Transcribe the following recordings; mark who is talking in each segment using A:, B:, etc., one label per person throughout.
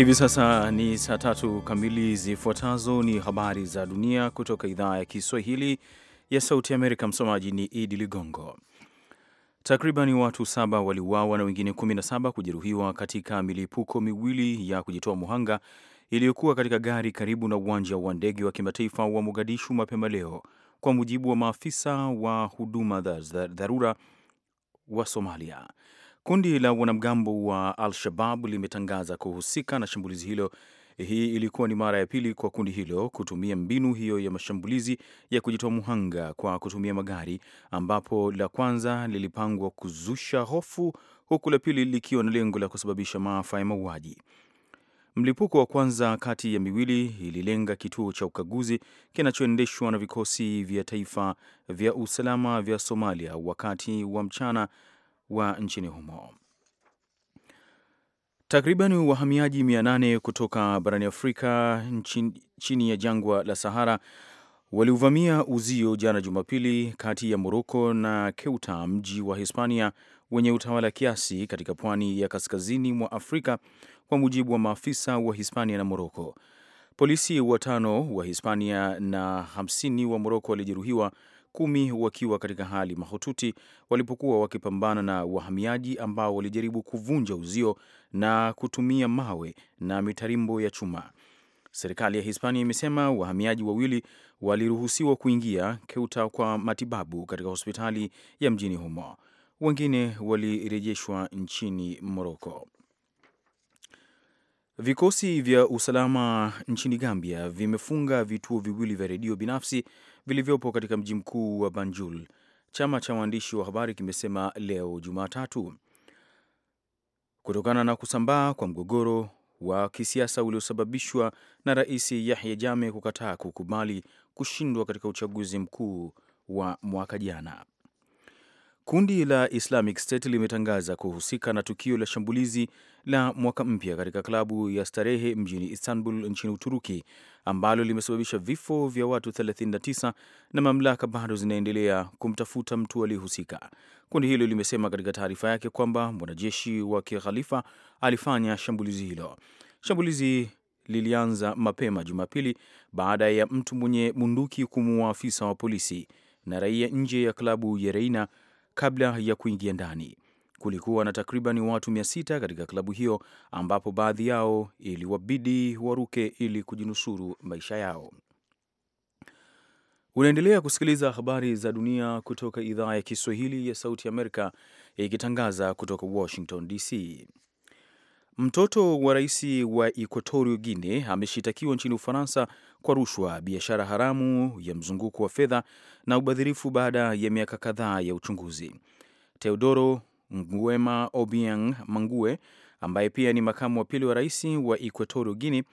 A: Hivi sasa ni saa tatu kamili. Zifuatazo ni habari za dunia kutoka idhaa ya Kiswahili ya Sauti Amerika. Msomaji ni Idi Ligongo. Takriban watu saba waliuawa na wengine 17 kujeruhiwa katika milipuko miwili ya kujitoa muhanga iliyokuwa katika gari karibu na uwanja wa ndege wa kimataifa wa Mogadishu mapema leo, kwa mujibu wa maafisa wa huduma za dharura wa Somalia. Kundi la wanamgambo wa Al-Shabab limetangaza kuhusika na shambulizi hilo. Hii ilikuwa ni mara ya pili kwa kundi hilo kutumia mbinu hiyo ya mashambulizi ya kujitoa muhanga kwa kutumia magari, ambapo la kwanza lilipangwa kuzusha hofu, huku la pili likiwa na lengo la kusababisha maafa ya mauaji. Mlipuko wa kwanza kati ya miwili ililenga kituo cha ukaguzi kinachoendeshwa na vikosi vya taifa vya usalama vya Somalia wakati wa mchana wa nchini humo. Takriban wahamiaji 800 kutoka barani Afrika nchini, chini ya jangwa la Sahara waliuvamia uzio jana Jumapili kati ya Moroko na Keuta, mji wa Hispania wenye utawala kiasi katika pwani ya kaskazini mwa Afrika, kwa mujibu wa maafisa wa Hispania na Moroko. Polisi watano wa Hispania na 50 wa Moroko walijeruhiwa kumi wakiwa katika hali mahututi walipokuwa wakipambana na wahamiaji ambao walijaribu kuvunja uzio na kutumia mawe na mitarimbo ya chuma. Serikali ya Hispania imesema wahamiaji wawili waliruhusiwa kuingia Keuta kwa matibabu katika hospitali ya mjini humo, wengine walirejeshwa nchini Moroko. Vikosi vya usalama nchini Gambia vimefunga vituo viwili vya redio binafsi vilivyopo katika mji mkuu wa Banjul, chama cha waandishi wa habari kimesema leo Jumatatu, kutokana na kusambaa kwa mgogoro wa kisiasa uliosababishwa na Rais Yahya Jammeh kukataa kukubali kushindwa katika uchaguzi mkuu wa mwaka jana. Kundi la Islamic State limetangaza kuhusika na tukio la shambulizi la mwaka mpya katika klabu ya starehe mjini Istanbul nchini Uturuki ambalo limesababisha vifo vya watu 39 na mamlaka bado zinaendelea kumtafuta mtu aliyehusika. Kundi hilo limesema katika taarifa yake kwamba mwanajeshi wa kikhalifa alifanya shambulizi hilo. Shambulizi lilianza mapema Jumapili baada ya mtu mwenye bunduki kumuua afisa wa polisi na raia nje ya klabu ya Reina kabla ya kuingia ndani. Kulikuwa na takriban watu 600 katika klabu hiyo, ambapo baadhi yao iliwabidi waruke ili kujinusuru maisha yao. Unaendelea kusikiliza habari za dunia kutoka idhaa ya Kiswahili ya Sauti Amerika, ikitangaza kutoka Washington DC. Mtoto wa rais wa Equatorio Guine ameshitakiwa nchini Ufaransa kwa rushwa, biashara haramu ya mzunguko wa fedha na ubadhirifu baada ya miaka kadhaa ya uchunguzi. Teodoro Nguema Obiang Mangue, ambaye pia ni makamu wa pili wa rais wa Equatorio Guine,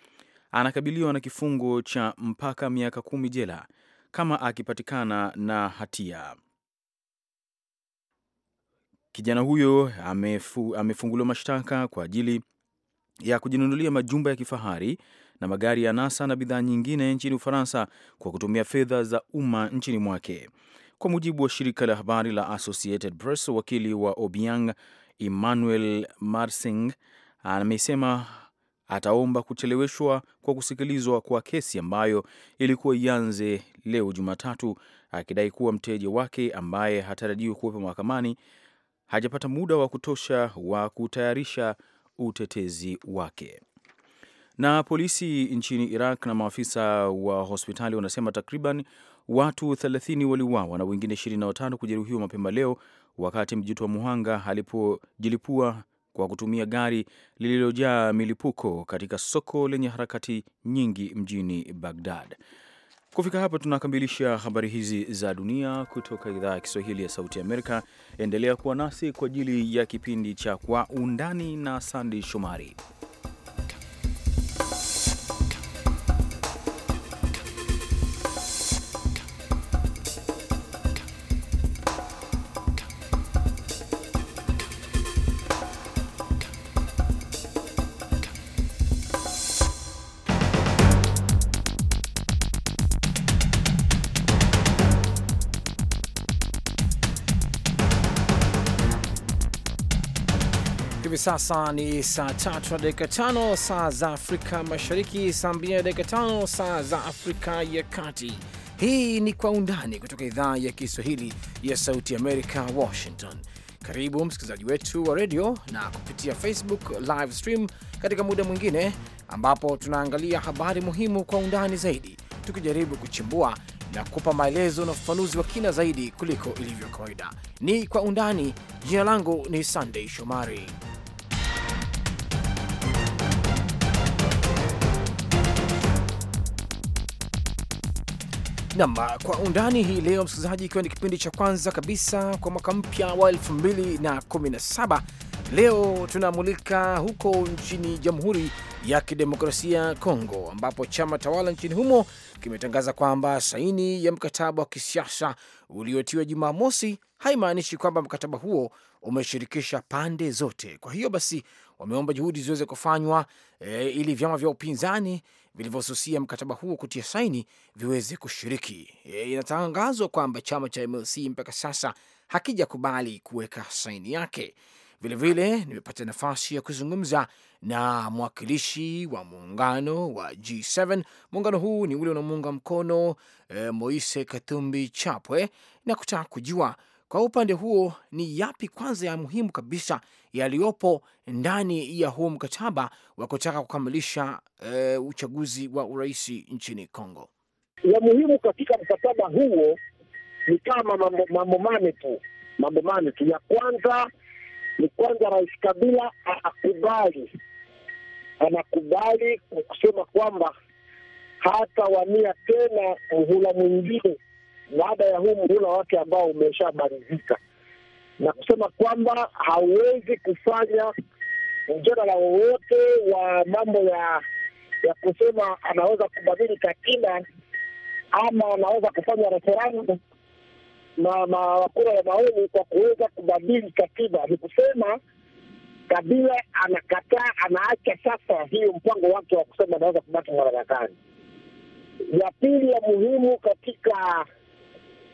A: anakabiliwa na kifungo cha mpaka miaka kumi jela kama akipatikana na hatia. Kijana huyo amefu, amefunguliwa mashtaka kwa ajili ya kujinunulia majumba ya kifahari na magari ya nasa na bidhaa nyingine nchini Ufaransa kwa kutumia fedha za umma nchini mwake. Kwa mujibu wa shirika la habari la Associated Press, wakili wa Obiang Emmanuel Marsing amesema ataomba kucheleweshwa kwa kusikilizwa kwa kesi ambayo ilikuwa ianze leo Jumatatu, akidai kuwa mteja wake ambaye hatarajiwi kuwepo mahakamani hajapata muda wa kutosha wa kutayarisha utetezi wake. Na polisi nchini Iraq na maafisa wa hospitali wanasema takriban watu 30 waliuawa na wengine 25 kujeruhiwa mapema leo wakati mjitoa muhanga alipojilipua kwa kutumia gari lililojaa milipuko katika soko lenye harakati nyingi mjini Baghdad. Kufika hapa tunakamilisha habari hizi za dunia kutoka idhaa ya Kiswahili ya Sauti Amerika. Endelea kuwa nasi kwa ajili ya kipindi cha Kwa Undani na Sandi Shomari.
B: sasa ni saa tatu na dakika tano saa za Afrika Mashariki, saa mbili na dakika tano saa za Afrika ya Kati. Hii ni Kwa Undani kutoka idhaa ya Kiswahili ya Sauti Amerika, Washington. Karibu msikilizaji wetu wa redio na kupitia Facebook live stream katika muda mwingine ambapo tunaangalia habari muhimu kwa undani zaidi, tukijaribu kuchimbua na kupa maelezo na ufafanuzi wa kina zaidi kuliko ilivyo kawaida. Ni Kwa Undani. Jina langu ni Sandei Shomari. Nam ah, kwa undani hii leo, msikilizaji, ikiwa ni kipindi cha kwanza kabisa kwa mwaka mpya wa 217 leo tunamulika huko nchini Jamhuri ya Kidemokrasia ya Kongo, ambapo chama tawala nchini humo kimetangaza kwamba saini ya mkataba wa kisiasa uliotiwa Jumamosi haimaanishi kwamba mkataba huo umeshirikisha pande zote. Kwa hiyo basi wameomba juhudi ziweze kufanywa e, ili vyama vya upinzani vilivyosusia mkataba huo kutia saini viweze kushiriki. E, inatangazwa kwamba chama cha MLC mpaka sasa hakijakubali kuweka saini yake. Vilevile nimepata nafasi ya kuzungumza na mwakilishi wa muungano wa G7. Muungano huu ni ule unamuunga mkono e, Moise Katumbi Chapwe na kutaka kujua kwa upande huo, ni yapi kwanza ya muhimu kabisa yaliyopo ndani ya huu mkataba wa kutaka kukamilisha e, uchaguzi wa urais nchini Kongo? Ya muhimu
C: katika mkataba huo ni kama mambo, mambo mane tu mambo mane tu. Ya kwanza ni kwanza, Rais Kabila anakubali anakubali kusema kwamba hatawania tena muhula mwingine baada ya huu muhula wake ambao umeshamalizika, na kusema kwamba hauwezi kufanya mjadala wowote wa mambo ya ya kusema anaweza kubadili katiba ama anaweza kufanya referendum na makura ya maoni kwa kuweza kubadili katiba. Ni kusema Kabila anakataa, anaacha sasa hiyo mpango wake wa kusema anaweza kubaki madarakani. Ya pili ya muhimu katika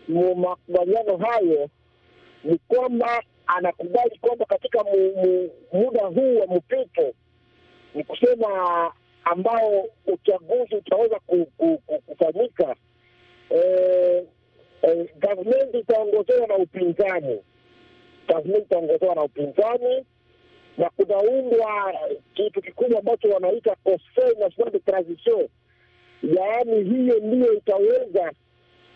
C: makubaliano hayo ni kwamba anakubali kwamba katika mu, mu, muda huu wa mpito, ni kusema ambao uchaguzi utaweza ku, ku, ku, kufanyika, eh, e, gavumenti itaongozewa na upinzani, gavumenti itaongozewa na upinzani na kunaundwa kitu kikubwa ambacho wanaita Conseil National de Transition, yaani hiyo ndiyo itaweza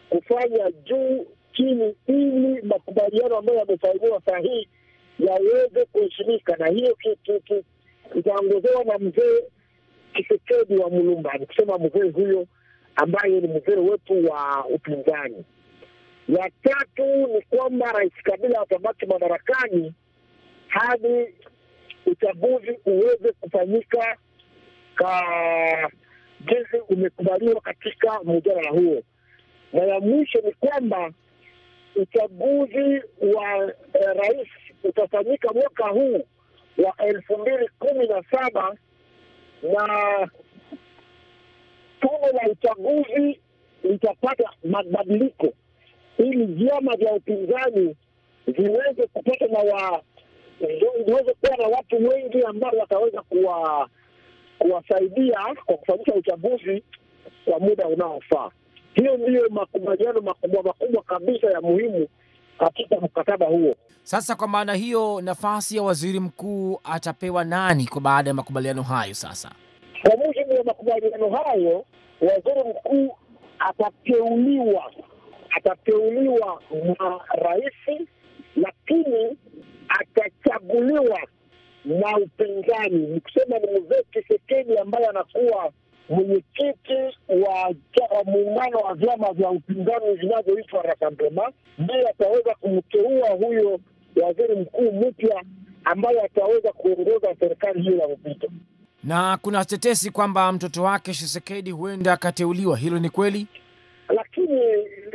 C: kufanya juu chini, ili makubaliano ambayo yamefanyiwa sahihi hii yaweze kuheshimika, na hiyo itaongozewa na mzee Kisekedi wa Mulumba, ni kusema mzee huyo ambaye ni mzee wetu wa upinzani. Ya tatu ni kwamba Rais Kabila atabaki madarakani hadi uchaguzi uweze kufanyika ka jinsi umekubaliwa katika mjadala huo na ya mwisho ni kwamba uchaguzi wa eh, rais utafanyika mwaka huu wa elfu mbili kumi na saba na tume la uchaguzi litapata mabadiliko ili vyama vya upinzani viweze kupata na wa viweze kuwa na watu wengi ambao wataweza kuwa kuwasaidia kwa kufanyisha uchaguzi kwa muda unaofaa. Hiyo ndiyo makubaliano makubwa makubwa kabisa ya muhimu katika mkataba huo.
B: Sasa kwa maana hiyo, nafasi ya waziri mkuu atapewa nani kwa baada ya makubaliano hayo? Sasa
C: kwa mujibu wa makubaliano hayo, waziri mkuu atateuliwa atateuliwa na rais, lakini atachaguliwa na upinzani, ni kusema ni Mzee kisekedi ambaye anakuwa mwenyekiti wa muungano wa vyama vya upinzani vinavyoitwa Rassemblement, ndiye ataweza kumteua huyo waziri mkuu mpya ambaye ataweza kuongoza serikali hiyo ya mpito.
B: Na kuna tetesi kwamba mtoto wake Shisekedi huenda akateuliwa, hilo ni kweli?
C: Lakini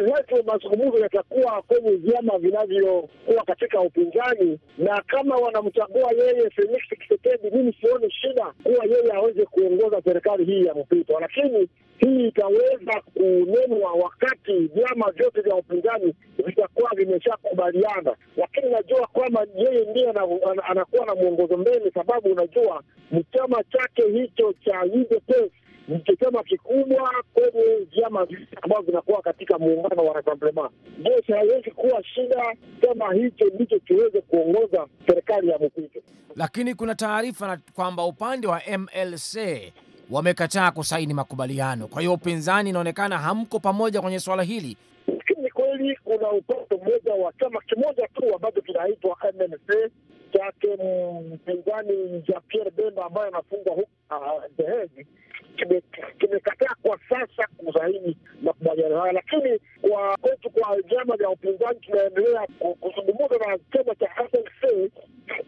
C: iwapo mazungumzo yatakuwa kwenye vyama vinavyokuwa katika upinzani, na kama wanamchagua yeye Felix Tshisekedi, mimi sioni shida kuwa yeye aweze kuongoza serikali hii ya mpito, lakini hii itaweza kunenwa wakati vyama vyote vya upinzani vitakuwa vimeshakubaliana. Lakini najua kwamba yeye ndiye anakuwa na mwongozo mbele, sababu unajua mchama chake hicho cha UDPS chama kikubwa kwenye vyama vingi ambavyo vinakuwa katika muungano wa Rassemblement, basi haiwezi kuwa shida kama hicho ndicho kiweze kuongoza serikali ya mpito.
B: Lakini kuna taarifa kwamba upande wa MLC wamekataa kusaini makubaliano, kwa hiyo upinzani inaonekana hamko pamoja kwenye swala hili.
C: Lakini kweli kuna upande mmoja wa chama kimoja tu ambacho kinaitwa MLC chake mpinzani ja Pierre Bemba ambaye anafungwa huko The ah, Hague kimekataa kwa sasa kusaini makubaliano haya, lakini kwa kwetu, kwa vyama vya upinzani, tunaendelea kuzungumuza na chama cha FLC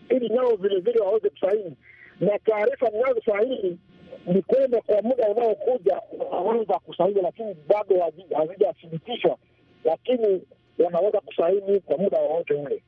C: ili nao vilevile waweze kusaini, na taarifa ninazo sahihi ni kwenda kwa muda unaokuja wanaweza kusaini, lakini bado hazijathibitishwa, lakini wanaweza kusaini kwa muda wowote ule.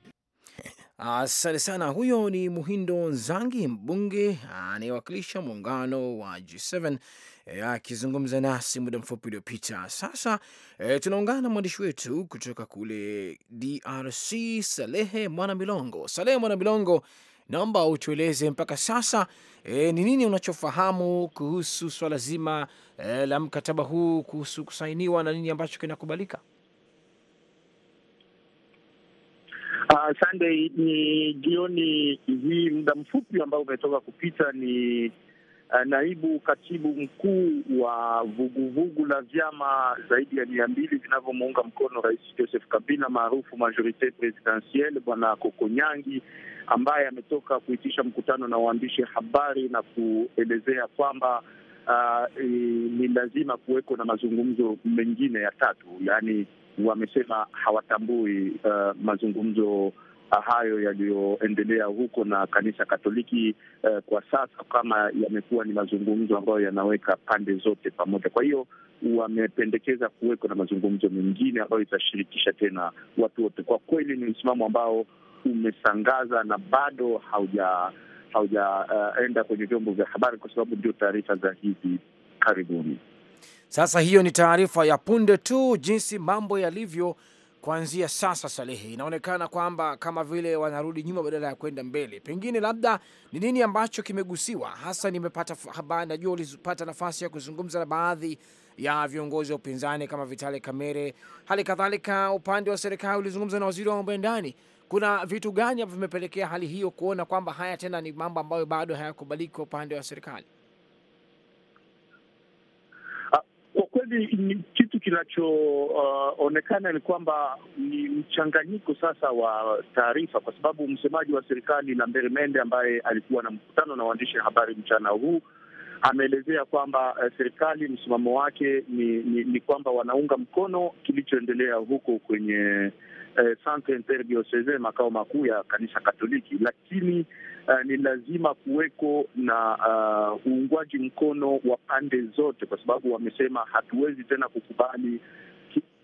B: Asante sana. Huyo ni Muhindo Nzangi, mbunge anayewakilisha muungano wa G7 eh, akizungumza nasi muda mfupi uliopita. Sasa e, tunaungana na mwandishi wetu kutoka kule DRC, Salehe Mwana Milongo. Salehe Mwana Milongo, naomba utueleze mpaka sasa eh, ni e, nini unachofahamu kuhusu swala zima e, la mkataba huu kuhusu kusainiwa na nini ambacho kinakubalika?
C: Uh, Sunday ni jioni hii, muda mfupi ambao umetoka kupita ni uh, naibu katibu mkuu wa vuguvugu la vyama zaidi ya mia mbili vinavyomuunga mkono Rais Joseph Kabila maarufu Majorite Presidentielle, Bwana Kokonyangi ambaye ametoka kuitisha mkutano na waandishi habari na kuelezea kwamba uh, ni lazima kuweko na mazungumzo mengine ya tatu, yaani wamesema hawatambui uh, mazungumzo hayo yaliyoendelea huko na kanisa Katoliki uh, kwa sasa kama yamekuwa ni mazungumzo ambayo yanaweka pande zote pamoja. Kwa hiyo wamependekeza kuweko na mazungumzo mengine ambayo itashirikisha tena watu wote. Kwa kweli ni msimamo ambao umesangaza na bado hauja haujaenda uh, kwenye vyombo vya habari kwa sababu ndio taarifa za hivi karibuni.
B: Sasa hiyo ni taarifa ya punde tu, jinsi mambo yalivyo kuanzia sasa. Salehe, inaonekana kwamba kama vile wanarudi nyuma badala ya kwenda mbele. Pengine labda ni nini ambacho kimegusiwa hasa? Nimepata habari, najua ulipata nafasi ya kuzungumza na baadhi ya viongozi wa upinzani kama Vitali Kamere, hali kadhalika upande wa serikali ulizungumza na waziri wa mambo ya ndani. Kuna vitu gani ambavyo vimepelekea hali hiyo, kuona kwamba haya tena ni mambo ambayo bado hayakubaliki kwa upande wa serikali?
C: kweli kitu kinachoonekana uh, ni kwamba ni mchanganyiko sasa wa taarifa, kwa sababu msemaji wa serikali Lambert Mende ambaye alikuwa na mkutano na waandishi habari mchana huu ameelezea kwamba uh, serikali msimamo wake ni, ni, ni kwamba wanaunga mkono kilichoendelea huko kwenye uh, eh, Centre Inter Diocese, makao makuu ya kanisa Katoliki, lakini uh, ni lazima kuweko na uh, uungwaji mkono wa pande zote, kwa sababu wamesema hatuwezi tena kukubali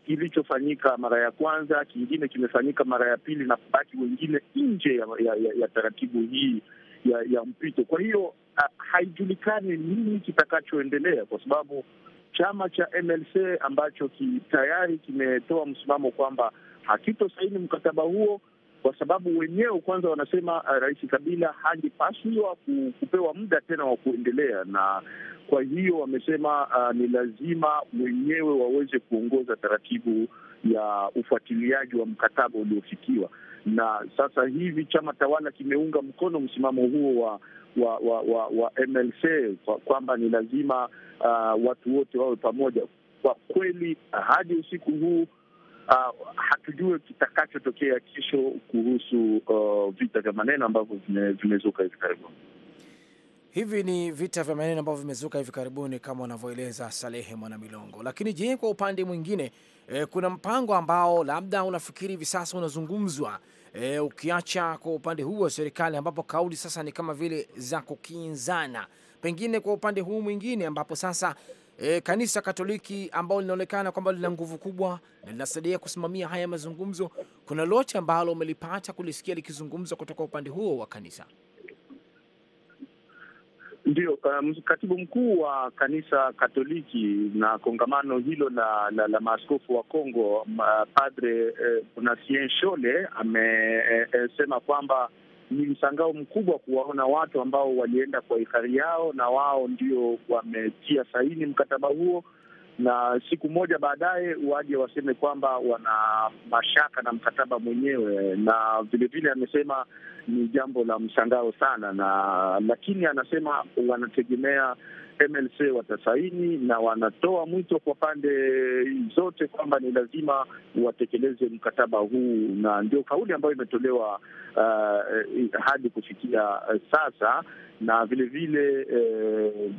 C: kilichofanyika mara ya kwanza, kingine kimefanyika mara ya pili na kubaki wengine nje ya, ya, ya, ya taratibu hii ya, ya mpito. Kwa hiyo uh, haijulikani nini kitakachoendelea, kwa sababu chama cha MLC ambacho ki, tayari kimetoa msimamo kwamba hakitosaini mkataba huo kwa sababu wenyewe kwanza wanasema uh, Rais Kabila hajipaswa kupewa muda tena wa kuendelea, na kwa hiyo wamesema uh, ni lazima wenyewe waweze kuongoza taratibu ya ufuatiliaji wa mkataba uliofikiwa, na sasa hivi chama tawala kimeunga mkono msimamo huo wa wa wa, wa, wa MLC kwamba ni lazima uh, watu wote wawe pamoja. Kwa kweli hadi usiku huu uh, ah, hatujue kitakachotokea kesho kuhusu uh, vita vya maneno ambavyo vimezuka hivi karibuni.
B: Hivi ni vita vya maneno ambavyo vimezuka hivi karibuni kama wanavyoeleza Salehe Mwanamilongo. Lakini je, kwa upande mwingine e, kuna mpango ambao labda unafikiri hivi sasa unazungumzwa e, ukiacha kwa upande huu wa serikali ambapo kauli sasa ni kama vile za kukinzana, pengine kwa upande huu mwingine ambapo sasa e, kanisa Katoliki ambalo linaonekana kwamba lina nguvu kubwa na linasaidia kusimamia haya mazungumzo, kuna lote ambalo umelipata kulisikia likizungumzwa kutoka upande huo wa kanisa?
C: Ndio, um, katibu mkuu wa kanisa Katoliki na kongamano hilo la, la, la maaskofu wa Kongo, padre bonacien eh, Shole amesema eh, eh kwamba ni mshangao mkubwa kuwaona watu ambao walienda kwa hiari yao na wao ndio wametia saini mkataba huo na siku moja baadaye waje waseme kwamba wana mashaka na mkataba mwenyewe, na vilevile amesema ni jambo la mshangao sana, na lakini anasema wanategemea MLC watasaini na wanatoa mwito kwa pande zote kwamba ni lazima watekeleze mkataba huu, na ndio kauli ambayo imetolewa uh, eh, hadi kufikia sasa na vile eh,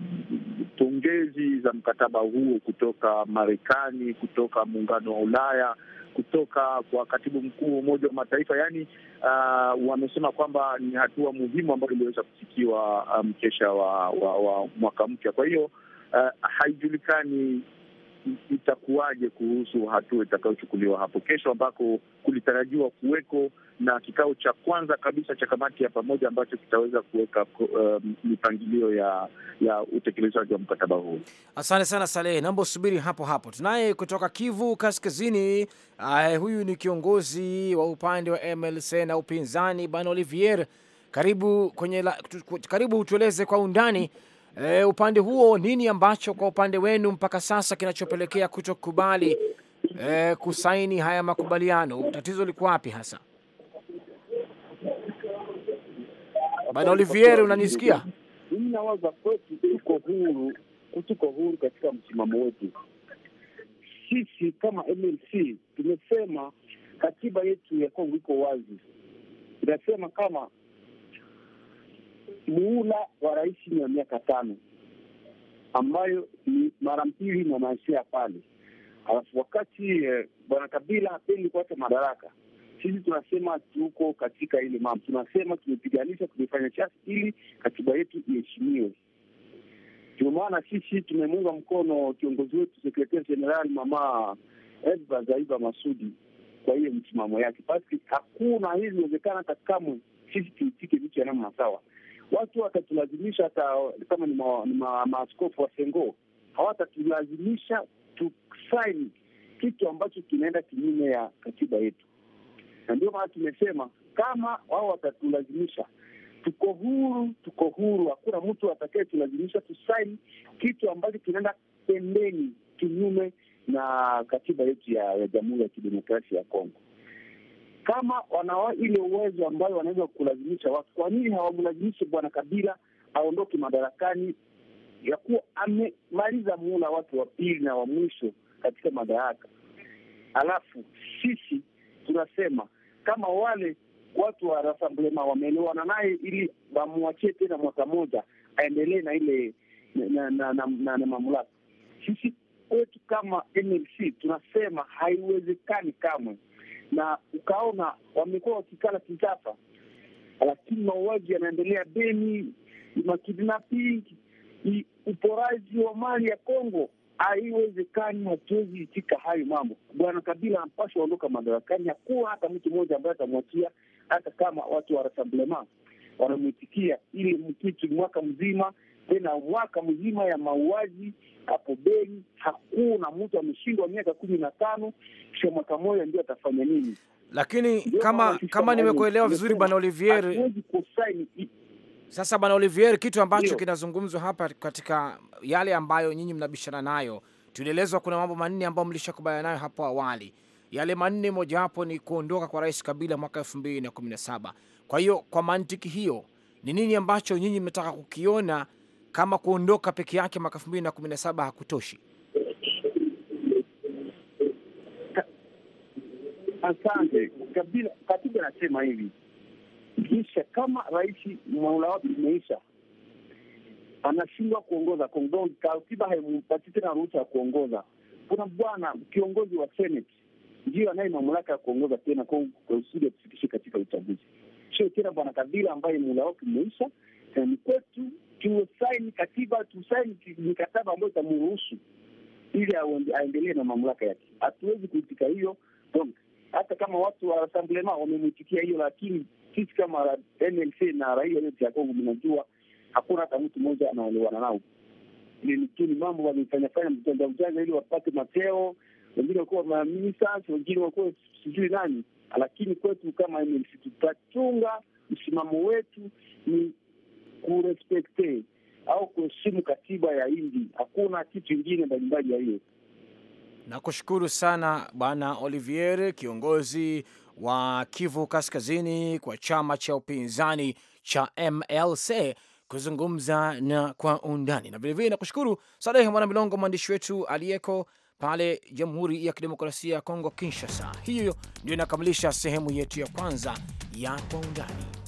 C: pongezi vile, e, za mkataba huo kutoka Marekani, kutoka muungano wa Ulaya, kutoka kwa katibu mkuu wa Umoja wa Mataifa. Yaani uh, wamesema kwamba ni hatua muhimu ambayo iliweza kufikiwa ah, mkesha um, wa, wa, wa mwaka mpya. Kwa hiyo uh, haijulikani itakuwaje kuhusu hatua itakayochukuliwa hapo kesho, ambako kulitarajiwa kuweko na kikao cha kwanza kabisa cha kamati ya pamoja ambacho kitaweza kuweka um, mipangilio um, ya ya utekelezaji wa mkataba huu.
B: Asante sana Salehe, naomba usubiri hapo hapo. Tunaye kutoka Kivu Kaskazini. Uh, huyu ni kiongozi wa upande wa MLC na upinzani Bwana Olivier, karibu kwenye la, karibu tueleze kwa undani e, upande huo nini ambacho kwa upande wenu mpaka sasa kinachopelekea kutokubali e, kusaini haya makubaliano? Tatizo liko wapi hasa? Bwana Olivier, unanisikia?
C: Mimi nawaza kwetu, tuko huru, tuko huru katika msimamo wetu. Sisi kama MLC tumesema katiba yetu ya Kongo iko wazi, inasema kama muhula wa rais ni wa miaka tano, ambayo ni mara mbili mwa maisha ya pale. Alafu wakati eh, bwana Kabila hapendi kuacha madaraka, sisi tunasema tuko katika ile mambo, tunasema tumepiganisha, tumefanya chasi ili katiba yetu iheshimiwe. Ndio maana sisi tumemunga mkono kiongozi wetu sekretari jenerali mama Edba Zaiba Masudi kwa hiyo msimamo yake, basi hakuna hili wezekana katika kamwe sisi tuitike vitu ya namna sawa Watu watatulazimisha hata kama ni maaskofu ma, wa sengo hawatatulazimisha tusaini kitu ambacho kinaenda kinyume ya katiba yetu, na ndio maana tumesema kama wao watatulazimisha, tuko huru, tuko huru. Hakuna mtu tulazimisha tusaini kitu ambacho kinaenda pembeni, kinyume na katiba yetu ya, ya Jamhuri ya Kidemokrasia ya Kongo kama wana ile uwezo ambayo wanaweza kulazimisha watu, kwa nini hawamlazimishi bwana Kabila aondoke madarakani, ya kuwa amemaliza muhula wake wa pili na wa mwisho katika madaraka? Alafu sisi tunasema kama wale watu wa rasamblema wameelewana naye ili wamwachie tena mwaka moja aendelee na ile na, na, na, na, na mamlaka. Sisi kwetu kama MLC tunasema haiwezekani kamwe na ukaona wamekuwa wakikala kitapa, lakini mauaji yanaendelea Beni, makidnapping, uporaji wa mali ya Kongo. Haiwezekani, hatuwezi itika hayo mambo. Bwana Kabila anapashwa ondoka madarakani. Hakuwa hata mtu mmoja ambaye atamwachia, hata kama watu wa Rassemblement wanamwitikia ili mkitu mwaka mzima tena mwaka mzima ya mauaji hapo Beni, hakuna mtu ameshindwa miaka kumi na tano, kisha mwaka moja ndio atafanya nini?
B: Lakini kama kama nimekuelewa vizuri Bwana Olivier, sasa Bwana Olivier, kitu ambacho kinazungumzwa hapa katika yale ambayo nyinyi mnabishana nayo, tulielezwa kuna mambo manne ambayo mlishakubaliana nayo hapo awali. Yale manne, mojawapo ni kuondoka kwa Rais Kabila mwaka elfu mbili na kumi na saba. Kwa hiyo kwa mantiki hiyo, ni nini ambacho nyinyi mmetaka kukiona kama kuondoka peke yake mwaka elfu mbili na kumi na saba hakutoshi?
C: Asante kabila. Katiba anasema hivi kisha, kama rais muhula wake umeisha, anashindwa kuongoza Kongo, katiba haimpati tena ruhusa ya kuongoza. Kuna bwana kiongozi wa seneti ndiyo anaye mamlaka ya kuongoza tena kusudi atufikishe katika uchaguzi, sio tena bwana Kabila ambaye muhula wake umeisha. Ni kwetu tusaini katiba, tusaini mikataba ambayo itamruhusu ili aendelee na mamlaka yake. Hatuwezi kuitika hiyo donc, hata kama watu wa Rasamblema wamemwitikia hiyo, lakini sisi kama MLC na raia yote ya Kongo mnajua hakuna hata mtu mmoja anaelewana nao. tu ni mambo wamefanyafanya mjanja mjanja ili wapate mateo, wengine wakuwa maminista, wengine wakuwa sijui nani. Lakini kwetu kama MLC tutachunga msimamo wetu ni kurespekte au kuheshimu katiba ya indi Hakuna kitu ingine mbalimbali ya hiyo.
B: Nakushukuru sana Bwana Olivier, kiongozi wa Kivu Kaskazini kwa chama cha upinzani cha MLC kuzungumza na kwa undani, na vilevile nakushukuru Salehe Mwana Milongo, mwandishi wetu aliyeko pale Jamhuri ya Kidemokrasia ya Kongo, Kinshasa. Hiyo ndio inakamilisha sehemu yetu ya kwanza ya kwa undani.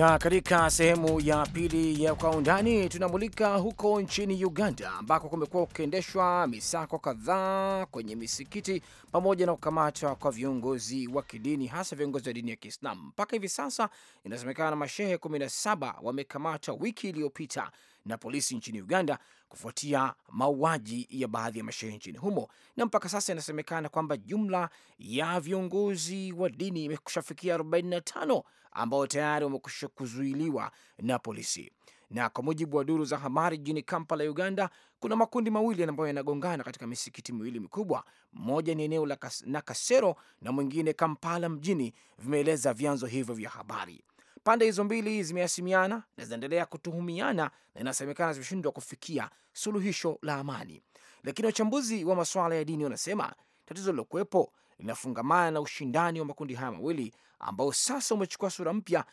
B: na katika sehemu ya pili ya kwa undani tunamulika huko nchini Uganda ambako kumekuwa kukiendeshwa misako kadhaa kwenye misikiti pamoja na kukamatwa kwa viongozi wa kidini, hasa viongozi wa dini ya Kiislamu. Mpaka hivi sasa inasemekana mashehe 17 wamekamatwa wiki iliyopita na polisi nchini Uganda kufuatia mauaji ya baadhi ya mashehe nchini humo, na mpaka sasa inasemekana kwamba jumla ya viongozi wa dini imekushafikia 45 ambao tayari wamekusha kuzuiliwa na polisi. Na kwa mujibu wa duru za habari jijini Kampala Uganda, kuna makundi mawili ambayo yanagongana katika misikiti miwili mikubwa, mmoja ni eneo la Nakasero na mwingine Kampala mjini, vimeeleza vyanzo hivyo vya habari. Pande hizo mbili zimeasimiana na zinaendelea kutuhumiana na inasemekana zimeshindwa kufikia suluhisho la amani, lakini wachambuzi wa masuala ya dini wanasema tatizo lilokuwepo linafungamana na ushindani wa makundi haya mawili ambao sasa umechukua sura mpya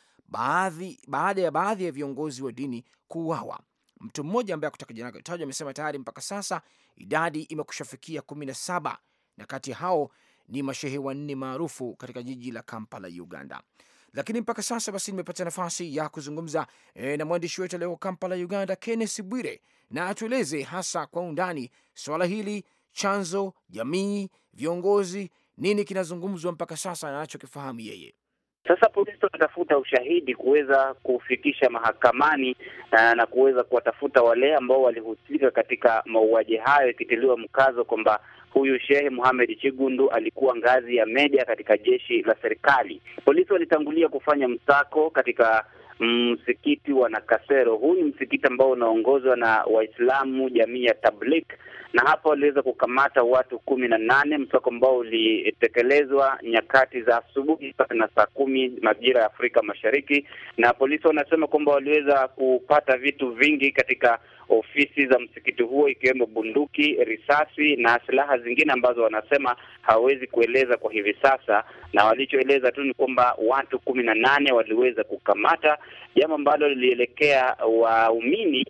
B: baada ya baadhi ya viongozi wa dini kuuawa. Mtu mmoja ambaye hakutaka jina lake amesema tayari mpaka sasa idadi imekushafikia kumi na saba na kati ya hao ni mashehe wanne maarufu katika jiji la Kampala, Uganda. Lakini mpaka sasa basi nimepata nafasi ya kuzungumza e, na mwandishi wetu leo Kampala, Uganda, kennes Bwire, na atueleze hasa kwa undani swala hili, chanzo, jamii, viongozi, nini kinazungumzwa mpaka sasa, anachokifahamu yeye.
D: Sasa polisi wanatafuta ushahidi kuweza kufikisha mahakamani na, eh, na kuweza kuwatafuta wale ambao walihusika katika mauaji hayo, ikitiliwa mkazo kwamba huyu Shehe muhamed Chigundu alikuwa ngazi ya meja katika jeshi la serikali. Polisi walitangulia kufanya msako katika msikiti wa Nakasero. Huu ni msikiti ambao unaongozwa na Waislamu jamii ya Tablik, na hapa waliweza kukamata watu kumi na nane, msako ambao ulitekelezwa nyakati za asubuhi na saa kumi majira ya Afrika Mashariki, na polisi wanasema kwamba waliweza kupata vitu vingi katika ofisi za msikiti huo ikiwemo bunduki, risasi na silaha zingine ambazo wanasema hawawezi kueleza kwa hivi sasa, na walichoeleza tu ni kwamba watu kumi na nane waliweza kukamata, jambo ambalo lilielekea waumini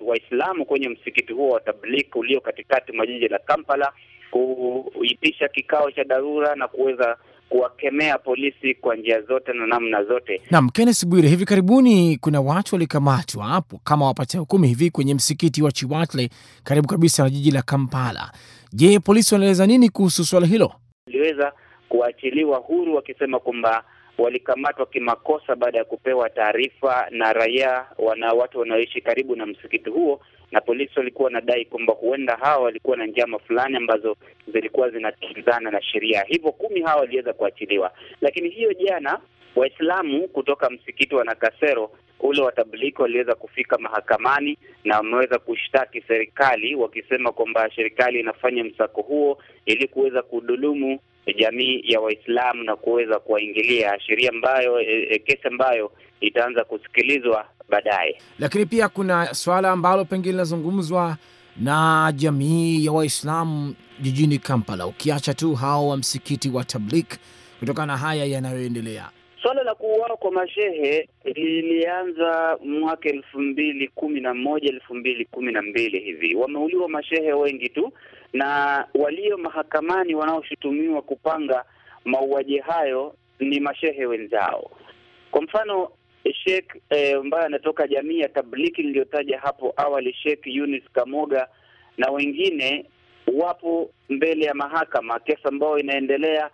D: Waislamu wa kwenye msikiti huo wa Tablik ulio katikati mwa jiji la Kampala kuitisha kikao cha dharura na kuweza kuwakemea polisi kwa njia zote na namna zote.
B: Naam, Kenneth Bwire, hivi karibuni kuna watu walikamatwa hapo kama wapate hukumi hivi kwenye msikiti wa Chiwatle karibu kabisa na jiji la Kampala. Je, polisi wanaeleza nini kuhusu swala hilo?
D: Waliweza kuachiliwa huru wakisema kwamba walikamatwa kimakosa baada ya kupewa taarifa na raia wana watu wanaoishi karibu na msikiti huo, na polisi walikuwa wanadai kwamba huenda hawa walikuwa na njama fulani ambazo zilikuwa zinakinzana na sheria, hivyo kumi hawa waliweza kuachiliwa. Lakini hiyo jana Waislamu kutoka msikiti wa Nakasero ule wa waliweza kufika mahakamani na wameweza kushtaki serikali wakisema kwamba serikali inafanya msako huo ili kuweza kudhulumu jamii ya Waislamu na kuweza kuwaingilia sheria ambayo e, e kesi ambayo itaanza kusikilizwa baadaye.
B: Lakini pia kuna suala ambalo pengine linazungumzwa na jamii ya Waislamu jijini Kampala, ukiacha tu hao wa msikiti wa Tablik, kutokana na haya yanayoendelea
C: Swala la kuuawa kwa mashehe
D: lilianza mwaka elfu mbili kumi na moja elfu mbili kumi na mbili hivi, wameuliwa mashehe wengi tu, na walio mahakamani wanaoshutumiwa kupanga mauaji hayo ni mashehe wenzao. Kwa mfano Sheikh eh, ambaye eh, anatoka jamii ya Tabliki niliyotaja hapo awali, Sheikh Yunis Kamoga na wengine wapo mbele ya mahakama, kesi ambayo inaendelea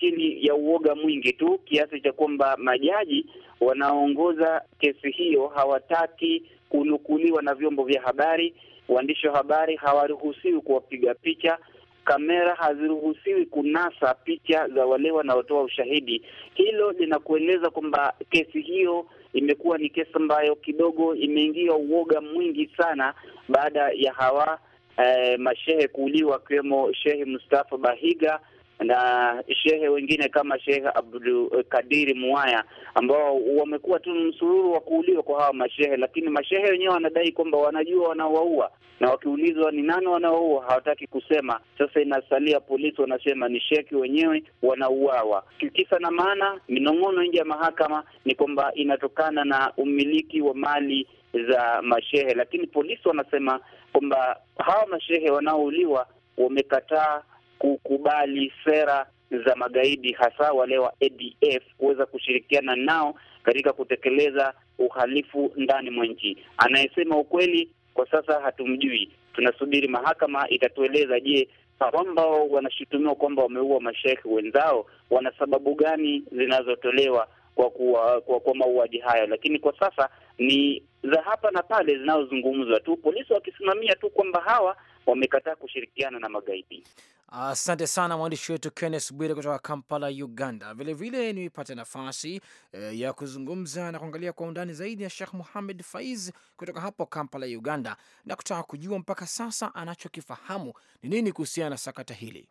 D: chini ya uoga mwingi tu kiasi cha kwamba majaji wanaoongoza kesi hiyo hawataki kunukuliwa na vyombo vya habari. Waandishi wa habari hawaruhusiwi kuwapiga picha, kamera haziruhusiwi kunasa picha za wale wanaotoa ushahidi. Hilo linakueleza kwamba kesi hiyo imekuwa ni kesi ambayo kidogo imeingia uoga mwingi sana baada ya hawa eh, mashehe kuuliwa, akiwemo Shehe Mustafa Bahiga na shehe wengine kama Shehe Abdul Kadiri Muaya ambao wamekuwa tu msururu wa kuuliwa kwa hawa mashehe, lakini mashehe wenyewe wanadai kwamba wanajua wanawaua, na wakiulizwa ni nani wanawaua hawataki kusema. Sasa inasalia polisi wanasema ni shehe wenyewe wanauawa. Kisa na maana, minong'ono nje ya mahakama ni kwamba inatokana na umiliki wa mali za mashehe, lakini polisi wanasema kwamba hawa mashehe wanaouliwa wamekataa kukubali sera za magaidi hasa wale wa ADF kuweza kushirikiana nao katika kutekeleza uhalifu ndani mwa nchi. Anayesema ukweli kwa sasa hatumjui, tunasubiri mahakama itatueleza. Je, hawa ambao wanashutumiwa kwamba wameua mashehe wenzao wana sababu gani zinazotolewa kwa kuwa, kwa, kwa mauaji hayo? Lakini kwa sasa ni za hapa na pale zinazozungumzwa tu, polisi wakisimamia tu kwamba hawa wamekataa kushirikiana na magaidi.
B: Asante sana mwandishi wetu Kenneth Bwire kutoka Kampala, Uganda. Vilevile nimepata nafasi e, ya kuzungumza na kuangalia kwa undani zaidi ya Sheikh Muhamed Faiz kutoka hapo Kampala, Uganda, na kutaka kujua mpaka sasa anachokifahamu ni nini kuhusiana na sakata hili.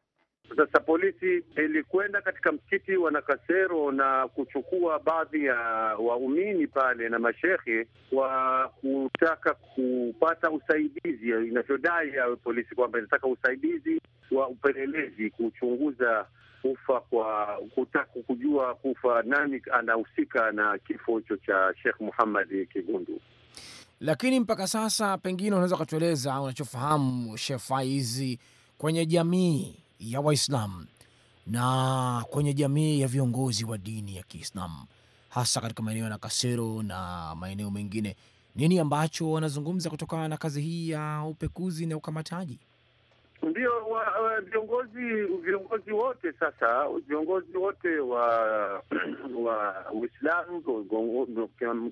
E: Sasa polisi ilikwenda katika msikiti wa Nakasero na kuchukua baadhi ya waumini pale na mashehe wa kutaka kupata usaidizi, inachodai ya polisi kwamba inataka usaidizi wa upelelezi kuchunguza kufa kwa kutaka kujua kufa nani anahusika na kifo hicho cha Sheikh Muhammad Kigundu.
B: Lakini mpaka sasa, pengine unaweza ukatueleza unachofahamu, Sheikh Faizi, kwenye jamii ya Waislamu na kwenye jamii ya viongozi wa dini ya Kiislamu, hasa katika maeneo ya Kasero na maeneo mengine, nini ambacho wanazungumza kutokana na kazi hii ya upekuzi na ukamataji?
E: Ndio viongozi viongozi wote sasa, viongozi wote wa wa Uislamu,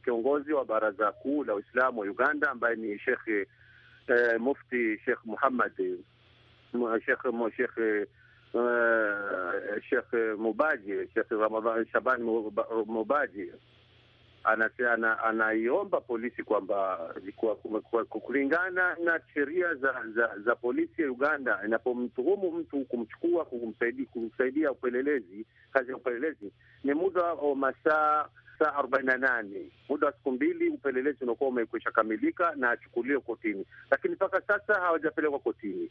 E: kiongozi wa baraza kuu la Uislamu wa Uganda ambaye ni Shekhe eh, Mufti shekh Muhammad Sheikh Sheikh Sheikh Mubaji, Sheikh Ramadhan Shabani Mubaji ana, anaiomba polisi kwamba kulingana na sheria za, za za polisi ya Uganda inapomtuhumu mtu kumchukua kumsaidia upelelezi kazi ya upelelezi ni muda wa masaa saa arobaini na nane, muda wa siku mbili, upelelezi unakuwa umekwisha kamilika na achukuliwe kotini, lakini mpaka sasa hawajapelekwa kotini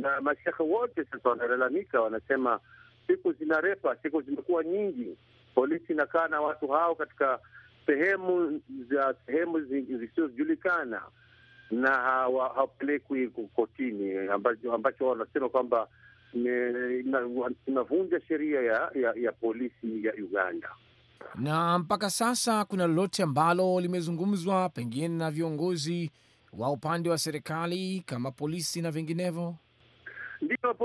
E: na mashehe wote sasa wanalalamika, wanasema siku zinarepa, siku zimekuwa nyingi, polisi inakaa na watu hao katika sehemu za sehemu zisizojulikana na hawapelekwi kotini, ambacho wanasema kwamba inavunja sheria ya, ya, ya polisi ya Uganda.
B: Na mpaka sasa kuna lolote ambalo limezungumzwa pengine na viongozi wa upande wa serikali kama polisi na vinginevyo?
E: Ndiyo,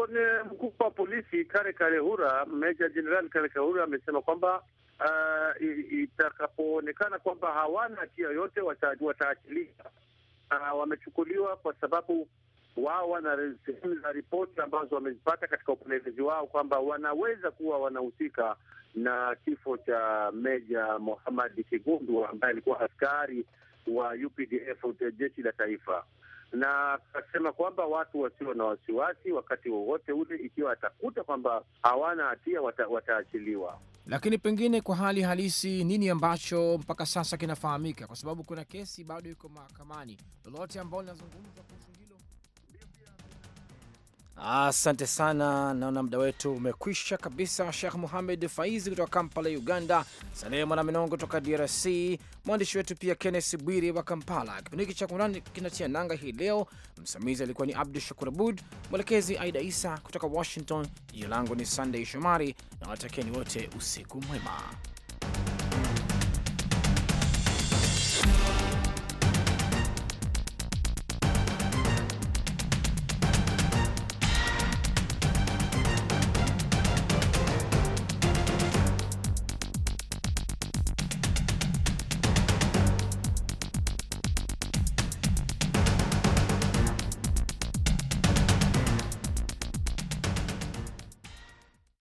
E: mkuu wa polisi Kare hura meja jenerali Kare Karehura amesema kwamba uh, itakapoonekana kwamba hawana hatia yoyote wataachilia. Uh, wamechukuliwa kwa sababu wao wana sehemu za ripoti ambazo wamezipata katika upelelezi wao kwamba wanaweza kuwa wanahusika na kifo cha Meja muhamadi kigundu ambaye alikuwa askari wa UPDF, jeshi la taifa na akasema kwamba watu wasio na wasiwasi wakati wowote ule, ikiwa atakuta kwamba
B: hawana hatia wata, wataachiliwa. Lakini pengine kwa hali halisi, nini ambacho mpaka sasa kinafahamika? Kwa sababu kuna kesi bado iko mahakamani, lolote ambao linazungumzwa kuhusu Asante sana, naona muda wetu umekwisha kabisa. Shekh Muhamed Faizi kutoka Kampala, Uganda, Salehe Mwana Minongo kutoka DRC, mwandishi wetu pia Kennes Bwiri wa Kampala. Kipindi hiki cha Kunani Undani kinatia nanga hii leo. Msimamizi alikuwa ni Abdu Shakur Abud, mwelekezi Aida Isa kutoka Washington. Jina langu ni Sandey Shomari na watakieni wote usiku mwema.